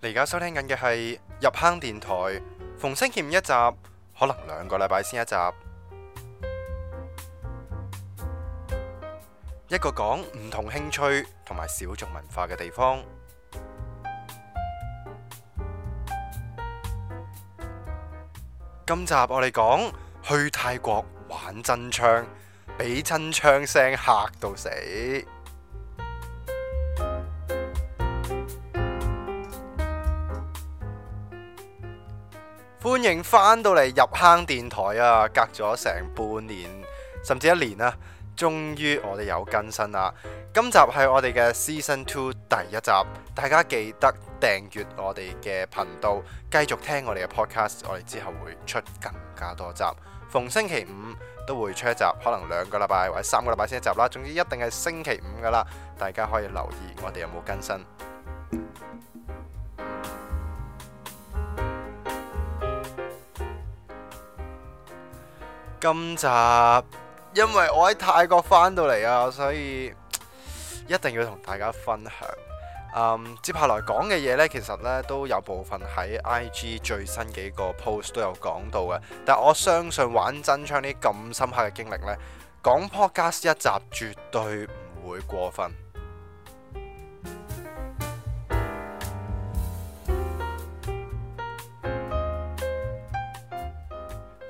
你而家收聽緊嘅係入坑電台，逢星期五一集，可能兩個禮拜先一集。一個講唔同興趣同埋小眾文化嘅地方。今集我哋講去泰國玩真槍，俾真槍聲嚇到死。翻到嚟入坑電台啊，隔咗成半年甚至一年啦，啊，終於我哋有更新啦。今集係我哋嘅 Season Two 第一集，大家記得訂閱我哋嘅頻道，繼續聽我哋嘅 Podcast。我哋之後會出更加多集，逢星期五都會出一集，可能兩個禮拜或者三個禮拜先一集啦。總之一定係星期五㗎喇，大家可以留意我哋有冇更新。今集，因為我喺泰國返到嚟啊，所以一定要同大家分享。嗯，接下來講嘅嘢呢，其實呢都有部分喺 IG 最新幾個 post 都有講到嘅，但我相信玩真槍啲咁深刻嘅經歷呢，講 podcast 一集絕對唔會過分。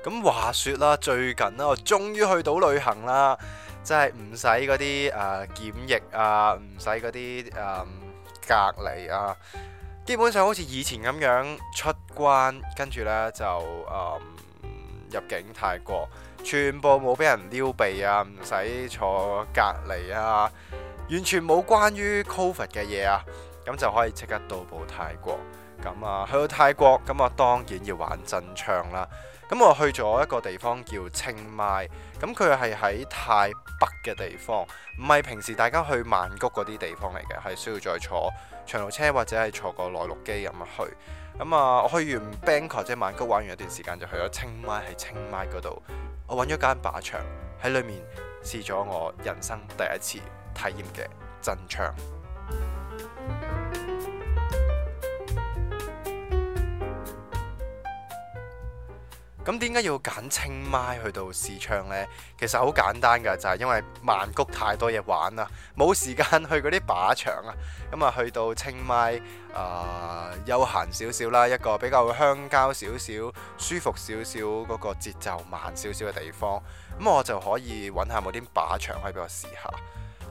咁話説啦，最近啦，我終於去到旅行啦，即係唔使嗰啲誒檢疫啊，唔使嗰啲誒隔離啊，基本上好似以前咁樣出關，跟住呢就、呃、入境泰國，全部冇俾人撩鼻啊，唔使坐隔離啊，完全冇關於 COVID 嘅嘢啊，咁就可以即刻到步泰國。咁啊，去到泰國咁啊，當然要玩真槍啦。咁、嗯、我去咗一個地方叫清邁，咁佢係喺泰北嘅地方，唔係平時大家去曼谷嗰啲地方嚟嘅，係需要再坐長途車或者係坐個內陸機咁、嗯、去。咁、嗯、啊，我去完 Bangkok 即係曼谷玩完一段時間，就去咗清邁，喺清邁嗰度，我揾咗間靶場喺裏面試咗我人生第一次體驗嘅真槍。咁點解要揀清邁去到試槍呢？其實好簡單㗎，就係、是、因為曼谷太多嘢玩啦，冇時間去嗰啲靶場啊。咁啊，去到清邁啊，休、呃、閒少少啦，一個比較鄉郊少少、舒服少少嗰個節奏慢少少嘅地方。咁我就可以揾下冇啲靶場可以俾我試下。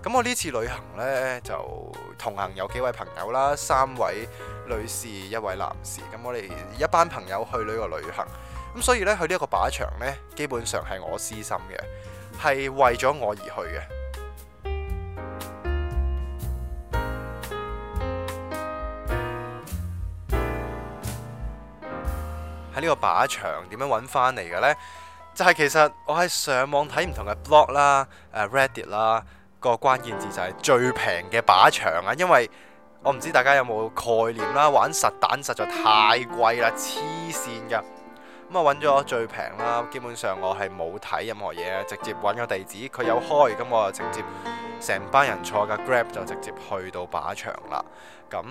咁我呢次旅行呢，就同行有幾位朋友啦，三位女士，一位男士。咁我哋一班朋友去呢個旅行。咁所以咧，佢呢一個靶場呢，基本上係我私心嘅，係為咗我而去嘅。喺呢 個靶場點樣揾翻嚟嘅呢？就係、係、其實我喺上網睇唔同嘅 blog 啦、啊，Reddit 啦，個關鍵字就係最平嘅靶場啊。因為我唔知大家有冇概念啦，玩實彈實在太貴啦，黐線㗎。咁啊揾咗最平啦，基本上我係冇睇任何嘢，直接揾個地址，佢有開咁我就直接成班人坐架 Grab 就直接去到靶場啦。咁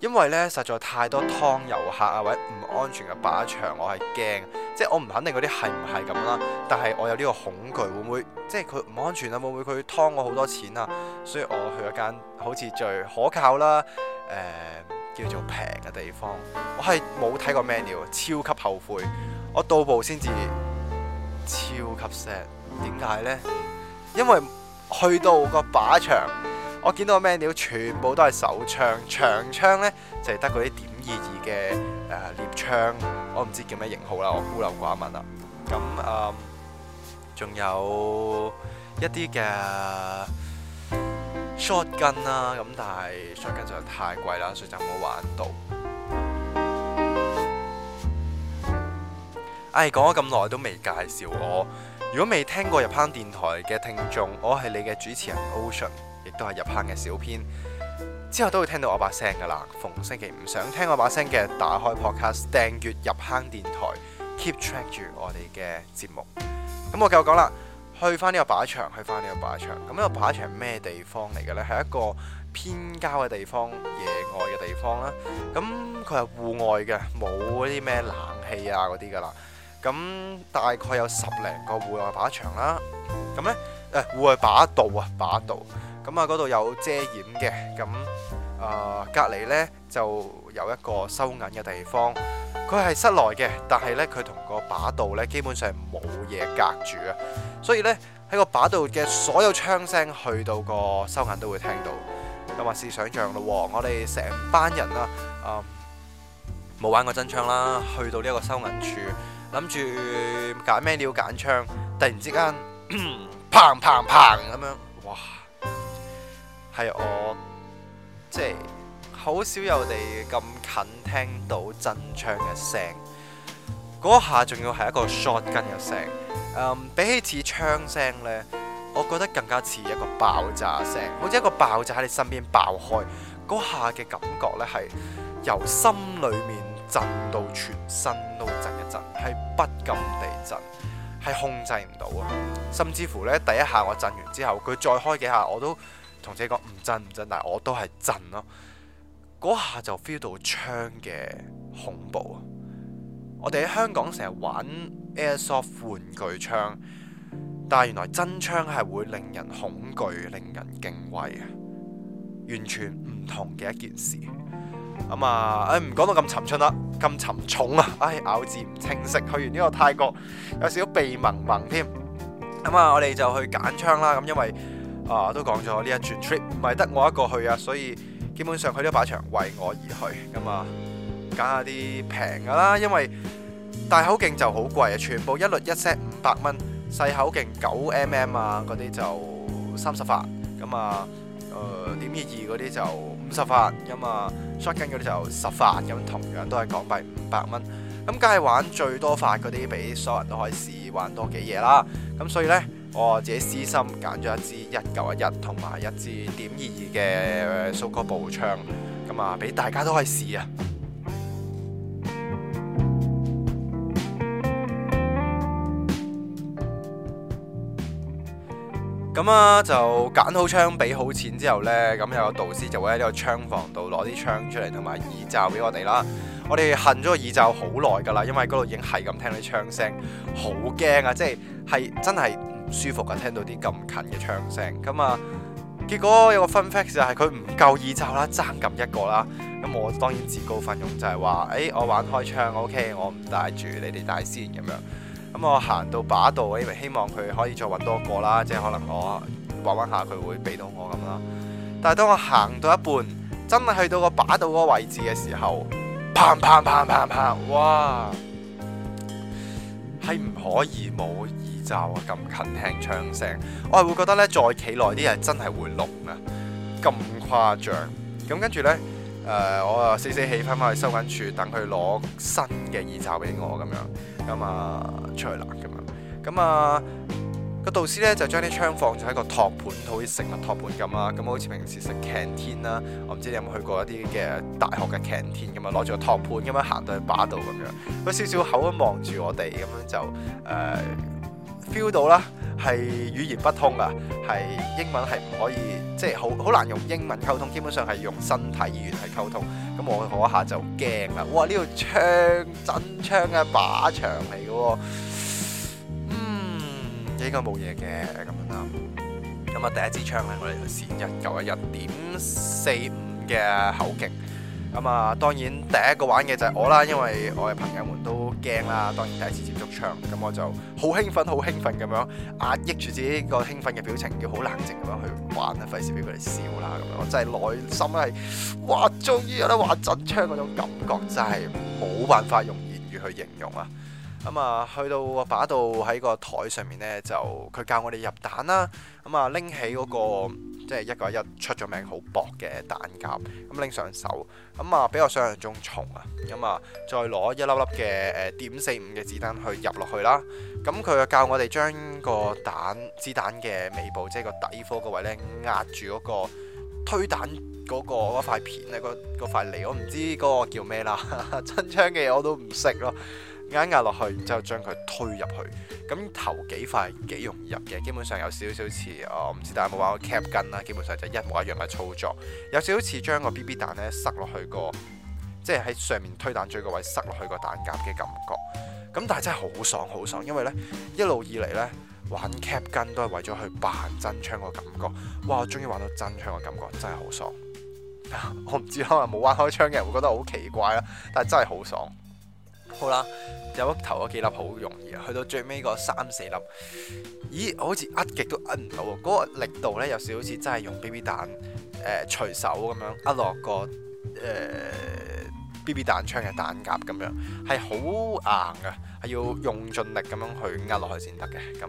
因為呢，實在太多劏遊客啊，或者唔安全嘅靶場，我係驚，即係我唔肯定嗰啲係唔係咁啦。但係我有呢個恐懼，會唔會即係佢唔安全啊？會唔會佢劏我好多錢啊？所以我去一間好似最可靠啦，誒、呃。叫做平嘅地方，我係冇睇過 menu，超級後悔。我到步先至超級 sad，點解呢？因為去到個靶場，我見到個 menu 全部都係手槍、長槍呢，就係得嗰啲點二二嘅誒獵槍，我唔知叫咩型號啦，我孤陋寡聞啊。咁誒，仲、嗯、有一啲嘅 shotgun 啦、啊，咁但係 shotgun 就太貴啦，所以就冇玩到。唉，講咗咁耐都未介紹我，如果未聽過入坑電台嘅聽眾，我係你嘅主持人 Ocean，亦都係入坑嘅小編，之後都會聽到我把聲㗎啦。逢星期五想聽我把聲嘅，打開 podcast 訂閱入坑電台，keep track 住我哋嘅節目。咁我繼續講啦。去翻呢個靶場，去翻呢個靶場。咁呢個靶場咩地方嚟嘅呢？係一個偏郊嘅地方，野外嘅地方啦。咁佢係戶外嘅，冇嗰啲咩冷氣啊嗰啲㗎喇。咁大概有十零個戶外靶場啦。咁呢，誒、呃，戶外靶道啊，靶道。咁啊，嗰度有遮掩嘅。咁啊，呃、隔離呢，就有一個收銀嘅地方。佢係室內嘅，但係呢，佢同個靶道呢，基本上冇嘢隔住啊。所以呢，喺個靶度嘅所有槍聲，去到個收銀都會聽到。咁啊，試想像咯，我哋成班人啦，啊、呃、冇玩過真槍啦，去到呢個收銀處，諗住揀咩料揀槍，突然之間砰砰砰咁樣，哇！係我即係好少有地咁近聽到真槍嘅聲。嗰下仲要係一個 shotgun 嘅聲，um, 比起似槍聲呢，我覺得更加似一個爆炸聲，好似一個爆炸喺你身邊爆開，嗰下嘅感覺呢，係由心裡面震到全身都震一震，係不禁地震，係控制唔到啊！甚至乎呢，第一下我震完之後，佢再開幾下我都同自己講唔震唔震，但係我都係震咯，嗰下就 feel 到槍嘅恐怖啊！我哋喺香港成日玩 Airsoft 玩具槍，但係原來真槍係會令人恐懼、令人敬畏，完全唔同嘅一件事。咁、嗯、啊，誒唔講到咁沉春啦，咁沉重啊，唉、哎，咬字唔清晰，去完呢個泰國有少少鼻濛濛添。咁、嗯、啊，我哋就去揀槍啦。咁因為啊都講咗呢一轉 trip，唔係得我一個去啊，所以基本上佢都擺場為我而去。咁、嗯、啊，揀下啲平㗎啦，因為。大口徑就好貴啊，全部一律一 set 五百蚊，細口徑九 mm 啊，嗰啲就三十發咁啊，呃點二二嗰啲就五十發咁啊，shotgun 嗰啲就十發咁，同樣都係港幣五百蚊。咁梗係玩最多發嗰啲俾所有人都可以試玩多幾嘢啦。咁所以呢，我自己私心揀咗一支一九一一同埋一支點二二嘅蘇格步槍，咁啊俾大家都可以試啊。咁啊，就揀好槍，俾好錢之後呢，咁有個導師就會喺呢個槍房度攞啲槍出嚟，同埋耳罩俾我哋啦。我哋恨咗個耳罩好耐噶啦，因為嗰度已經係咁聽啲槍聲，好驚啊！即係係真係唔舒服噶，聽到啲咁近嘅槍聲。咁啊，結果有個 fun fact 就係佢唔夠耳罩啦，爭咁一個啦。咁我當然自告奮勇就係話，誒、欸，我玩開槍，OK，我唔戴住，你哋戴先咁樣。咁我行到靶道，因為希望佢可以再揾多個啦，即係可能我玩玩下佢會俾到我咁啦。但係當我行到一半，真係去到個靶道個位置嘅時候，啪啪啪啪啪，哇！係唔可以冇耳罩啊！咁近聽槍聲，我係會覺得呢，再企耐啲人真係會聾啊！咁誇張，咁跟住呢。誒，uh, 我啊死死氣翻翻去收銀處，等佢攞新嘅耳罩俾我咁樣、啊、樣，咁啊出去啦咁樣，咁啊個導師咧就將啲槍放咗喺個托盤，好似食物托盤咁啊，咁好似平時食 canteen 啦，我唔知你有冇去過一啲嘅大學嘅 canteen 咁啊，攞住個托盤咁樣行到去靶度咁樣，佢笑笑口咁望住我哋咁樣就誒 feel、呃、到啦。係語言不通啊，係英文係唔可以，即係好好難用英文溝通，基本上係用身體語言去溝通。咁我嗰下就驚啦，哇呢度槍真槍嘅靶場嚟嘅喎！嗯，應該冇嘢嘅咁樣啦。咁啊第一支槍咧，我哋先一九一一點四五嘅口徑。咁啊當然第一個玩嘅就係我啦，因為我嘅朋友們都。驚啦！當然第一次接觸槍，咁我就好興奮，好興奮咁樣壓抑住自己個興奮嘅表情，要好冷靜咁樣去玩啦，費事俾佢哋笑啦咁樣。我真係內心係哇，終於有得話真槍嗰種感覺真係冇辦法用言語去形容啊！咁啊，去到把度喺個台上面呢，就佢教我哋入彈啦。咁啊，拎起嗰個。即係一個一出咗名好薄嘅彈夾，咁拎上手，咁啊比我想象中重啊，咁啊再攞一粒粒嘅誒、呃、點四五嘅子彈去入落去啦，咁佢又教我哋將個彈子彈嘅尾部，即、就、係、是、個底殼嗰位呢，壓住嗰個推彈嗰、那個塊片咧，嗰嗰塊嚟，我唔知嗰個叫咩啦， 真槍嘅嘢我都唔識咯。啱壓落去，然之後將佢推入去。咁頭幾塊幾容易入嘅，基本上有少少似我唔知大家有冇玩過 cap 筋啦，基本上就一模一樣嘅操作。有少少似將個 BB 彈呢塞落去個，即係喺上面推彈最個位塞落去個彈夾嘅感覺。咁但係真係好爽，好爽，因為呢一路以嚟呢，玩 cap 筋都係為咗去扮真槍個感覺。哇！我終於玩到真槍嘅感覺，真係好爽。 我唔知可能冇玩開槍嘅人會覺得好奇怪啦，但係真係好爽。好啦，有屋頭嗰幾粒好容易啊，去到最尾嗰三四粒，咦，好似壓極都壓唔到喎，嗰、那個力度咧有少好似真係用 BB 彈誒、呃、隨手咁樣壓落個誒、呃、BB 彈槍嘅彈夾咁樣，係好硬嘅，係要用盡力咁樣去壓落去先得嘅，咁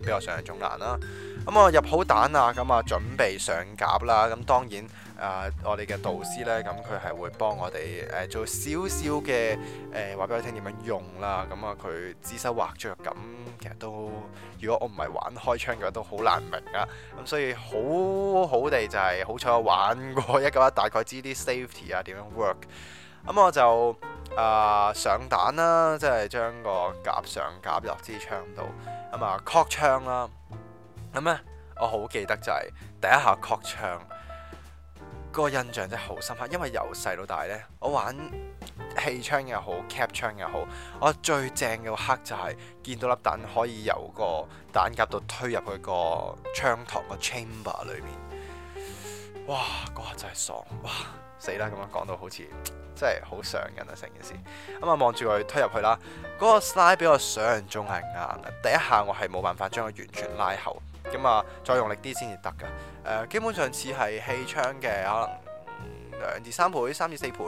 比較上係中難啦。咁啊，嗯、我入好蛋啊，咁、嗯、啊，準備上甲啦。咁、嗯、當然，誒、呃，我哋嘅導師呢，咁佢係會幫我哋誒、呃、做少少嘅誒，話俾我聽點樣用啦。咁、嗯、啊，佢指手畫腳咁、嗯，其實都如果我唔係玩開槍嘅話，都好難明啊。咁、嗯、所以好、就是、好地就係好彩，我玩過一九一一，大概知啲 safety 啊點樣 work、嗯。咁我就誒、呃、上蛋啦，即係將個甲上甲落支、嗯嗯呃、槍度。咁啊，確槍啦。咁咧、嗯，我好記得就係、是、第一下確槍，那個印象真係好深刻。因為由細到大呢，我玩氣槍又好，cap 槍又好，我最正嘅一刻就係、是、見到粒彈可以由個彈夾度推入去，那個槍膛個 chamber 裏面。哇！嗰、那、下、個、真係爽哇！死啦！咁樣講到好似真係好上癮啊，成件事咁啊！望住佢推入去啦，嗰、那個 slide 比我想象中係硬，第一下我係冇辦法將佢完全拉後。咁啊、嗯，再用力啲先至得㗎。誒、呃，基本上似係氣槍嘅，可能兩至三倍、三至四倍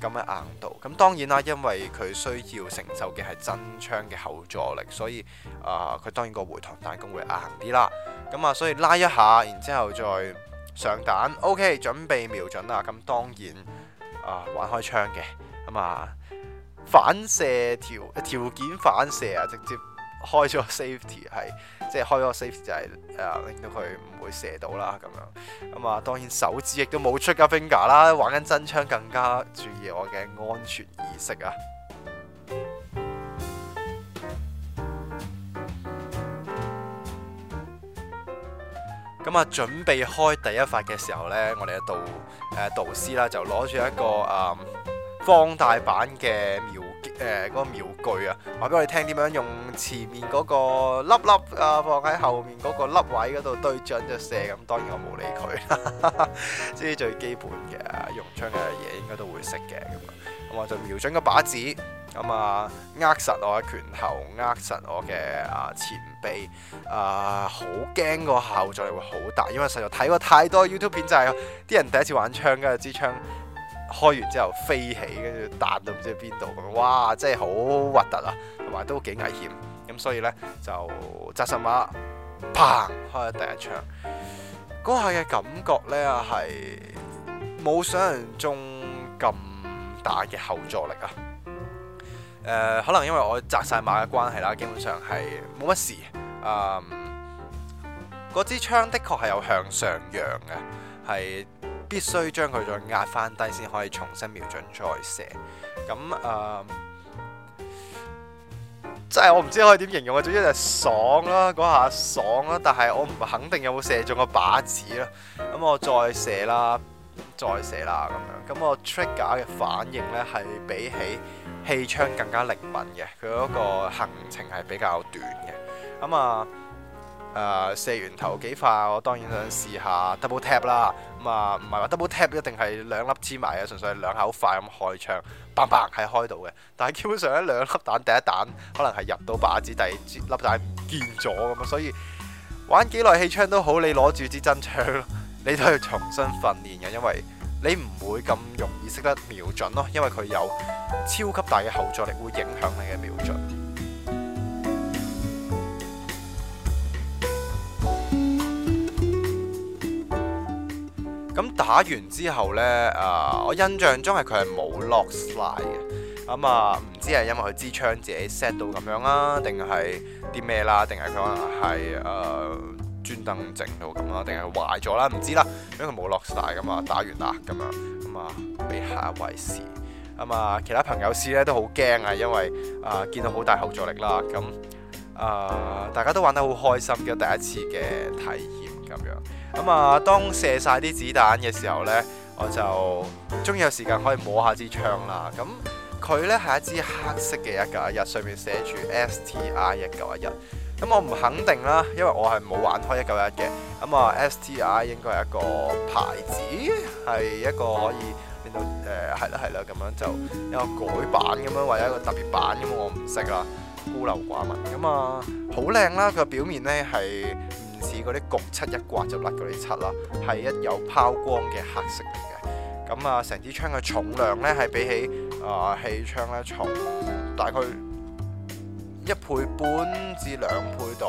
咁嘅硬度。咁、嗯、當然啦，因為佢需要承受嘅係真槍嘅後座力，所以啊，佢、呃、當然個回膛彈弓會硬啲啦。咁、嗯、啊、嗯，所以拉一下，然之後再上彈。OK，準備瞄準啦。咁、嗯、當然啊、呃，玩開槍嘅咁啊，反射條條件反射啊，直接。開咗 safety 係，即係開咗 safety 就係、是、誒、呃，令到佢唔會射到啦咁樣。咁啊，當然手指亦都冇出噶 finger 啦，玩緊真槍更加注意我嘅安全意識啊。咁、嗯、啊，準備開第一發嘅時候呢，我哋嘅導誒、呃、導師啦，就攞住一個啊放、嗯、大版嘅瞄。誒嗰、呃嗰個瞄具啊，話俾我哋聽點樣用前面嗰個粒粒啊，放喺後面嗰個粒位嗰度對準就射咁。當然我冇理佢，即係 啲最基本嘅用槍嘅嘢應該都會識嘅咁啊。咁我就瞄準個靶子咁啊，握實我嘅拳頭，握實我嘅啊前臂啊，好、呃、驚個後座力會好大，因為實在睇過太多 YouTube 片就仔、係，啲人第一次玩槍嘅支槍。開完之後飛起，跟住彈到唔知邊度咁，哇！真係好核突啊，同埋都幾危險。咁所以呢，就扎實馬，砰！開咗第一槍。嗰下嘅感覺呢，係冇想像中咁大嘅後坐力啊。誒、呃，可能因為我扎晒馬嘅關係啦，基本上係冇乜事。誒、嗯，嗰支槍的確係有向上揚嘅，係。必須將佢再壓翻低先可以重新瞄準再射，咁誒，即、呃、係我唔知可以點形容啊，總之係爽啦，嗰下爽啦，但係我唔肯定有冇射中個靶子啦。咁我再射啦，再射啦咁樣，咁我 trigger 嘅反應呢，係比起氣槍更加靈敏嘅，佢嗰個行程係比較短嘅。咁啊～、呃誒、呃、射完頭幾發，我當然想試下 double tap 啦。咁、嗯、啊，唔係話 double tap 一定係兩粒黐埋嘅，純粹係兩口快咁開槍，白白係開到嘅。但係基本上咧，兩粒彈第一彈可能係入到靶子，第二粒彈唔見咗咁，所以玩幾耐氣槍都好，你攞住支真槍， 你都要重新訓練嘅，因為你唔會咁容易識得瞄準咯，因為佢有超級大嘅後坐力會影響你嘅瞄準。咁打完之後呢，啊、呃，我印象中係佢係冇 lock slide 嘅。咁、嗯、啊，唔知係因為佢支槍自己 set 到咁樣啦，定係啲咩啦？定係佢可能係誒專登整到咁啦，定係壞咗啦？唔知啦，因為佢冇 lock slide 噶嘛，打完啦咁樣。咁、嗯、啊，俾下一位試。咁、嗯、啊，其他朋友試呢都好驚啊，因為啊、呃，見到好大後坐力啦。咁啊、呃，大家都玩得好開心嘅第一次嘅體驗咁樣。咁啊、嗯，當射晒啲子彈嘅時候呢，我就終於有時間可以摸下支槍啦。咁、嗯、佢呢係一支黑色嘅一九一一，上面寫住 S T I 一九一一。咁、嗯、我唔肯定啦，因為我係冇玩開一九一一嘅。咁、嗯、啊、嗯、S T I 應該係一個牌子，係一個可以令到誒係啦係啦咁樣就一個改版咁樣，或者一個特別版咁，我唔識、嗯嗯、啦，孤陋寡聞咁啊。好靚啦，個表面呢係。似嗰啲焗漆一刮就甩嗰啲漆啦，係一有拋光嘅黑色嚟嘅。咁啊，成支槍嘅重量呢，係比起啊氣槍呢重，大概一倍半至兩倍到、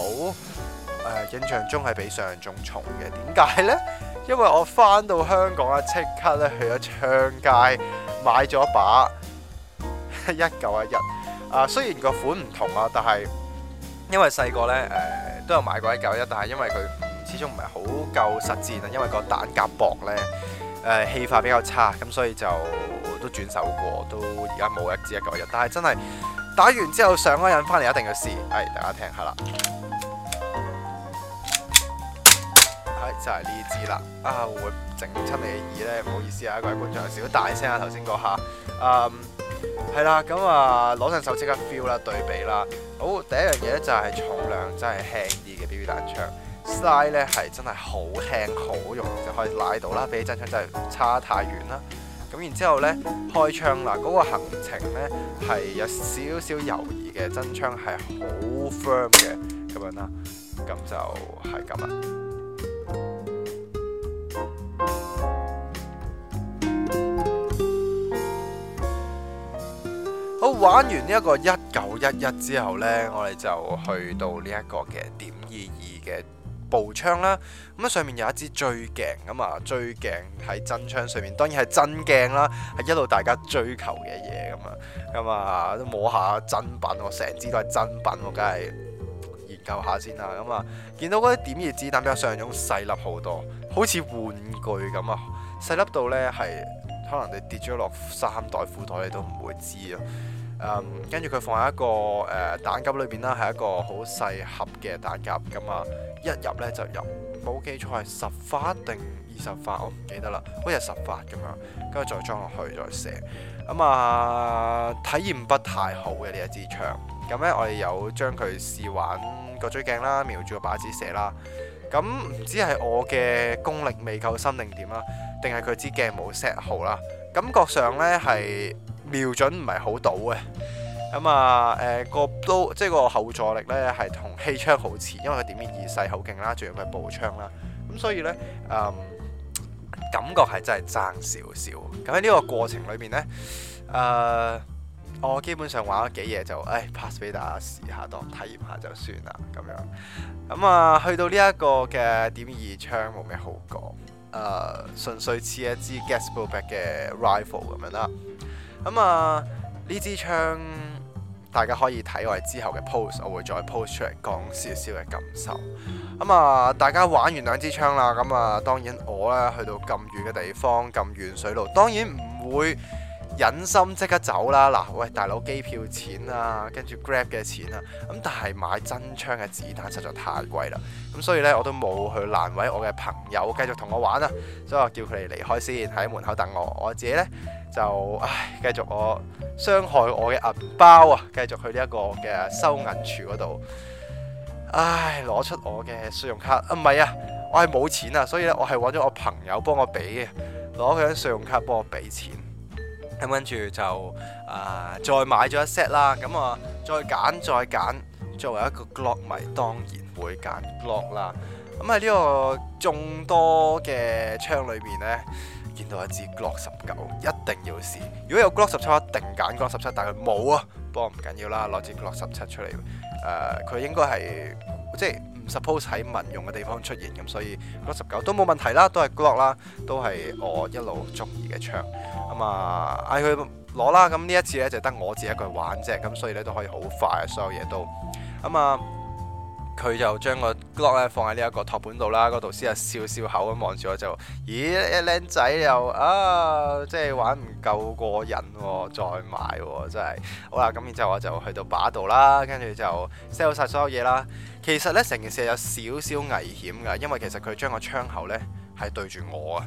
呃。印象中係比上仲重嘅。點解呢？因為我翻到香港啊，即刻咧去咗槍街買咗把一九一一、呃、啊，雖然個款唔同啊，但係因為細個呢。誒、呃。都有買過一九一，但係因為佢始終唔係好夠實戰啊，因為個蛋夾薄呢，誒、呃、氣化比較差，咁所以就都轉手過，都而家冇一支一九一。但係真係打完之後上個人翻嚟一定要試，誒大家聽下啦，誒就係、是、呢支啦，啊會整親你耳呢，唔好意思啊，各位觀眾有少少大聲啊，頭先嗰下，嗯係啦，咁啊攞上手即刻 feel 啦，對比啦。好，第一樣嘢咧就係重量真係輕啲嘅 BB 彈槍，slide 咧係真係好輕好用，就可以拉到啦。比起真槍真係差太遠啦。咁然之後咧，開槍嗱嗰個行程咧係有少少猶豫嘅，真槍係好 firm 嘅咁樣啦。咁就係咁啦。玩完呢一個一九一一之後呢，我哋就去到呢一個嘅點二二嘅步槍啦。咁啊，上面有一支最鏡咁啊，最鏡喺真槍上面，當然係真鏡啦，係一路大家追求嘅嘢咁啊。咁啊，摸下真品，我成支都係真品，我梗係研究下先啦。咁啊，見到嗰啲點二子彈比較上種細粒好多，好似玩具咁啊，細粒到呢，係可能你跌咗落三袋褲袋，你都唔會知啊。跟住佢放喺一個誒彈夾裏邊啦，係一個好細盒嘅彈夾咁啊，一入呢就入冇記錯係十發定二十發，我唔記得啦，好似係十發咁樣，跟住再裝落去再射，咁啊體驗不太好嘅呢一支槍，咁呢、啊，我哋有將佢試玩個追鏡啦，瞄住個靶子射啦，咁唔知係我嘅功力未夠深定點啦，定係佢支鏡冇 set 好啦，感覺上呢，係。瞄準唔係好到嘅咁啊，誒、呃、個都即係個後坐力咧，係同氣槍好似，因為佢點面二細好徑啦，仲有佢步槍啦，咁所以咧，嗯，感覺係真係爭少少。咁喺呢個過程裏面咧，誒、呃，我基本上玩咗幾夜就誒 pass 俾大家試下，當體驗下就算啦咁樣。咁啊、呃，去到呢一個嘅點面二槍冇咩好講，誒、呃，純粹似一支 gas blow back 嘅 rifle 咁樣啦。咁、嗯、啊，呢支槍大家可以睇我哋之後嘅 post 我會再 post 出嚟講少少嘅感受。咁、嗯、啊，大家玩完兩支槍啦，咁、嗯、啊，當然我呢去到咁遠嘅地方，咁遠水路，當然唔會忍心即刻走啦。嗱，喂，大佬機票錢啊，跟住 grab 嘅錢啊，咁但係買真槍嘅子彈實在太貴啦。咁、嗯、所以呢，我都冇去難為我嘅朋友繼續同我玩啊，所以我叫佢哋離開先，喺門口等我，我自己呢。就唉，繼續我傷害我嘅銀包啊！繼續去呢一個嘅收銀處嗰度，唉，攞出我嘅信用卡啊！唔係啊，我係冇錢啊，所以咧我係揾咗我朋友幫我俾嘅，攞佢張信用卡幫我俾錢。咁跟住就啊，再買咗一 set 啦。咁啊，再揀再揀。作為一個 Glock 迷，當然會揀 Glock 啦。咁喺呢個眾多嘅窗裏面呢，見到一支 Glock 十九，一定要試。如果有 Glock 十七，我一定揀 Glock 十七，但佢冇啊。不過唔緊要啦，攞支 Glock 十七出嚟。誒，佢應該係即係唔 suppose 喺民用嘅地方出現，咁所以 Glock 十九都冇問題啦，都係 Glock 啦，都係我一路中意嘅槍。咁、嗯、啊，嗌佢攞啦。咁呢一次呢，就得我自己一個玩啫，咁所以呢，都可以好快，所有嘢都。咁、嗯、啊。佢就將個 Glock 咧放喺呢一個托盤度啦，個導師啊笑笑口咁望住我就，咦一靚仔又啊，即係玩唔夠過癮喎，再買喎真係，好啦咁，然之後我就去到把度啦，跟住就 sell 晒所有嘢啦。其實呢，成件事有少少危險㗎，因為其實佢將個窗口呢係對住我啊，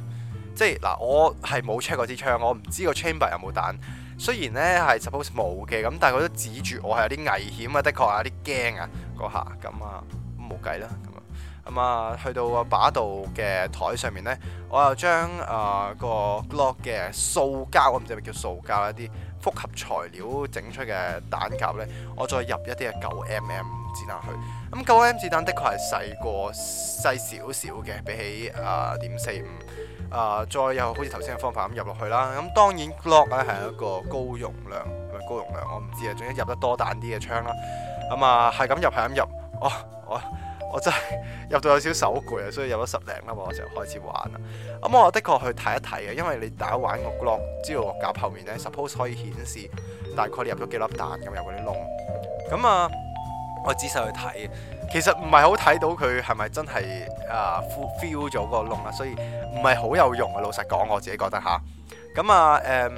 即係嗱我係冇 check 嗰支槍，我唔知個 chamber 有冇彈。雖然呢係 suppose 冇嘅，咁但係佢都指住我係有啲危險啊，的確啊，有啲驚啊，嗰下咁啊，冇計啦，咁啊，咁啊，去到個靶道嘅台上面呢，我又將誒、呃嗰個 Glock 嘅塑膠，我唔知係咪叫塑膠一啲複合材料整出嘅彈夾呢，我再入一啲嘅九 mm 子彈去，咁九 mm 子彈的確係細過細少少嘅，比起誒點四五。呃 4, 5, 啊、呃，再有好似頭先嘅方法咁入落去啦。咁、嗯、當然、Glock 咧係一個高容量，唔係高容量我唔知啊。總之入得多彈啲嘅槍啦。咁、嗯、啊，係咁入係咁入。入哦、我我我真係入到有少少手攰啊，所以入咗十零粒我就開始玩啦。咁、嗯、我我的確去睇一睇嘅，因為你大家玩個、Glock 知道夾後面呢 suppose 可以顯示大概你入咗幾粒彈咁入嗰啲窿。咁、嗯、啊，我隻手去睇。其實唔係好睇到佢係咪真係啊 feel 咗個窿啊，所以唔係好有用啊。老實講，我自己覺得嚇。咁啊誒、嗯，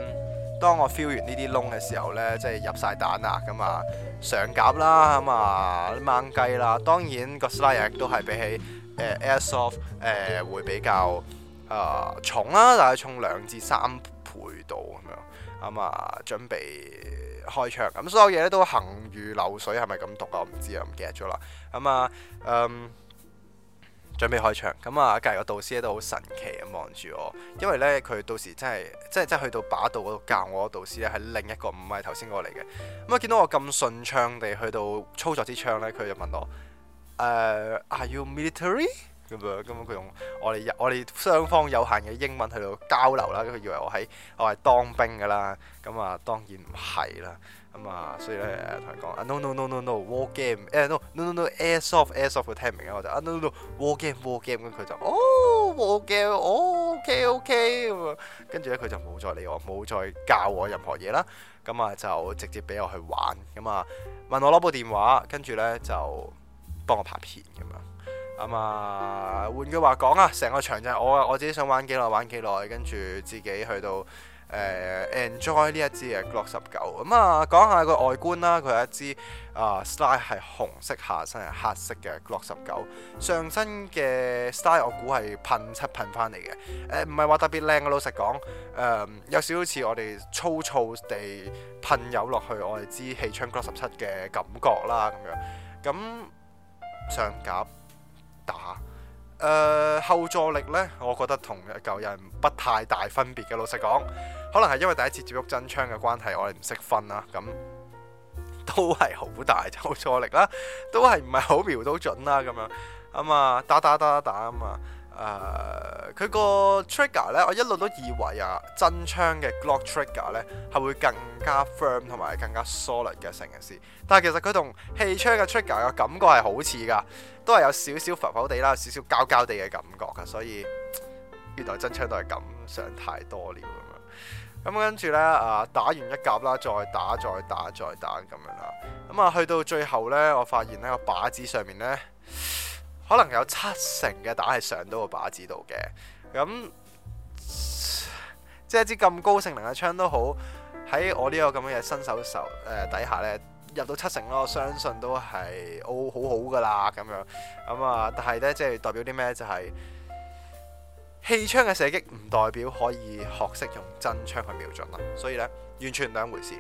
當我 feel 完呢啲窿嘅時候呢，即係入晒蛋了啊，咁啊上甲啦，咁啊掹雞啦。當然個 slide 都係比起誒、呃、Airsoft 誒、呃、會比較啊重啦，大概重兩至三倍度咁樣。咁啊，啊準備。開槍，咁所有嘢，咧都行如流水，係咪咁讀啊？我唔知啊，唔記得咗啦。咁、嗯、啊，嗯，準備開槍。咁、嗯、啊，隔籬個導師咧都好神奇咁望住我，因為咧佢到時真係真係真係去到靶道嗰度教我嘅導師咧，係另一個唔係頭先過嚟嘅。咁啊、嗯，見到我咁順暢地去到操作支槍咧，佢就問我：，誒、uh,，Are you military？咁樣，咁佢用我哋我哋雙方有限嘅英文去度交流啦，佢以為我喺我係當兵噶啦，咁啊當然唔係啦。咁啊，所以咧同佢講，no no no no no，war game，no no no, no airsoft airsoft 佢聽唔明我就啊 no, no no war game war game，咁佢就哦、oh,，war game，ok、oh, ok，咁、okay、啊，跟住咧佢就冇再理我，冇再教我任何嘢啦。咁啊就直接俾我去玩，咁啊問我攞部電話，跟住咧就幫我拍片咁樣。咁啊、嗯，換句話講啊，成個場就係我我自己想玩幾耐玩幾耐，跟住自己去到誒、呃、enjoy 呢一支嘅 Glock 十九。咁、嗯、啊，講下個外觀啦，佢係一支啊、呃、style 係紅色，下身係黑色嘅 Glock 十九。上身嘅 style 我估係噴漆噴翻嚟嘅，誒唔係話特別靚嘅。老實講，誒、呃、有少少似我哋粗糙地噴油落去我哋支氣槍 Glock 十七嘅感覺啦，咁樣咁上夾。打，誒、呃，後坐力呢，我覺得同舊人不太大分別嘅。老實講，可能係因為第一次接觸真槍嘅關係，我哋唔識分啦。咁都係好大後坐力啦，都係唔係好瞄到準啦，咁樣啊嘛，打打打打打啊誒，佢個、uh, trigger 呢，我一路都以為啊，真槍嘅 Glock trigger 呢，係會更加 firm 同埋更加 solid 嘅成件事，但係其實佢同氣槍嘅 trigger 嘅感覺係好似噶，都係有少少浮浮地啦，少少膠膠地嘅感覺噶，所以原來真槍都係咁，想太多了咁樣。咁跟住呢，啊，打完一夾啦，再打，再打，再打咁樣啦。咁啊，去到最後呢，我發現呢個靶子上面呢。可能有七成嘅打係上到個靶子度嘅，咁即係一支咁高性能嘅槍都好，喺我呢個咁嘅新手手誒、呃、底下呢，入到七成咯，我相信都係哦好好㗎喇咁樣。咁啊但係呢，即係代表啲咩就係、是、氣槍嘅射擊唔代表可以學識用真槍去瞄準啦，所以呢，完全兩回事。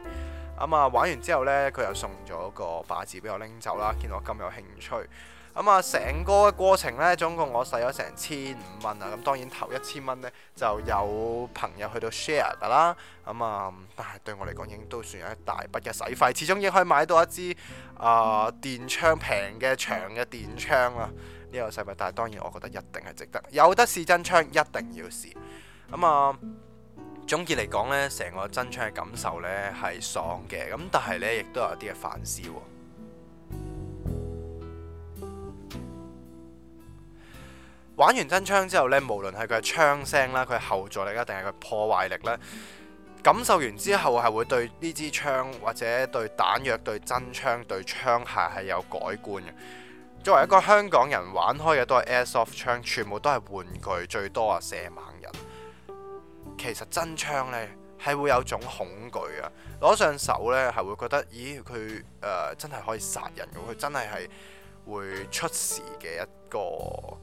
咁啊玩完之後呢，佢又送咗個靶子俾我拎走啦，見我咁有興趣。咁啊，成個過程呢，總共我使咗成千五蚊啊！咁當然頭一千蚊呢，就有朋友去到 share 噶啦。咁、嗯、啊，但係對我嚟講已經都算有一大筆嘅使費，始終亦可以買到一支啊、呃、電槍平嘅長嘅電槍啦。呢、這個使費，但係當然我覺得一定係值得。有得試真槍，一定要試。咁、嗯、啊，總結嚟講呢，成個真槍嘅感受呢係爽嘅，咁但係呢，亦都有啲嘅反思喎。玩完真槍之後呢，無論係佢嘅槍聲啦、佢後座力啊，定係佢破壞力呢，感受完之後係會對呢支槍或者對彈藥、對真槍、對槍械係有改觀嘅。作為一個香港人玩開嘅都係 Airsoft 槍，全部都係玩具最多啊，射盲人。其實真槍呢係會有種恐懼啊，攞上手呢係會覺得，咦佢誒、呃、真係可以殺人嘅，佢真係係，會出事嘅一個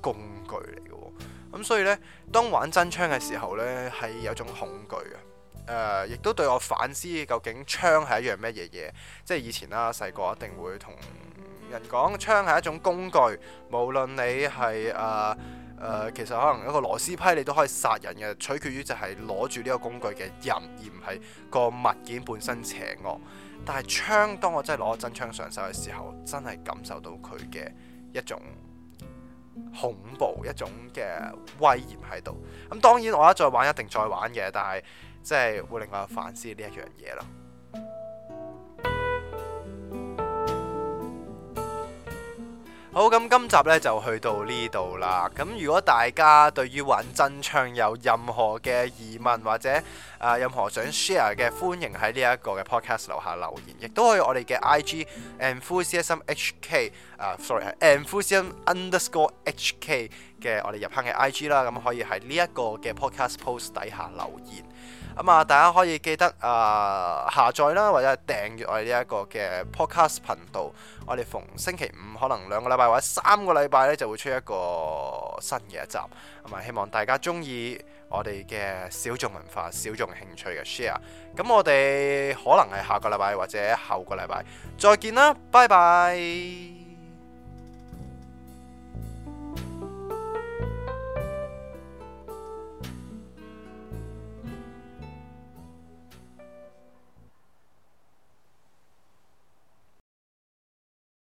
工具嚟嘅。哦，咁所以呢，當玩真槍嘅時候呢，係有種恐懼呀，誒、呃，亦都對我反思究竟槍係一樣乜嘢嘢，即係以前啦，細個一定會同人講，槍係一種工具，無論你係誒誒，其實可能一個螺絲批你都可以殺人嘅，取決於就係攞住呢個工具嘅人，而唔係個物件本身邪惡。但係槍，當我真係攞真槍上手嘅時候，真係感受到佢嘅一種恐怖、一種嘅威嚴喺度。咁、嗯、當然，我一再玩一定再玩嘅，但係即係會令我有反思呢一樣嘢啦。好咁，今集呢就去到呢度啦。咁如果大家對於玩真槍有任何嘅疑問或者誒、呃、任何想 share 嘅，歡迎喺呢一個嘅 podcast 留下留言，亦都可以我哋嘅 IG n fusion hk 啊，sorry n fusion underscore hk 嘅我哋入坑嘅 IG 啦，咁可以喺呢一個嘅 podcast post 底下留言。咁啊，大家可以記得啊、呃、下載啦，或者係訂閱我哋呢一個嘅 podcast 頻道。我哋逢星期五可能兩個禮拜或者三個禮拜呢就會出一個新嘅一集。咁啊，希望大家中意我哋嘅小眾文化、小眾興趣嘅 share。咁我哋可能係下個禮拜或者後個禮拜再見啦，拜拜。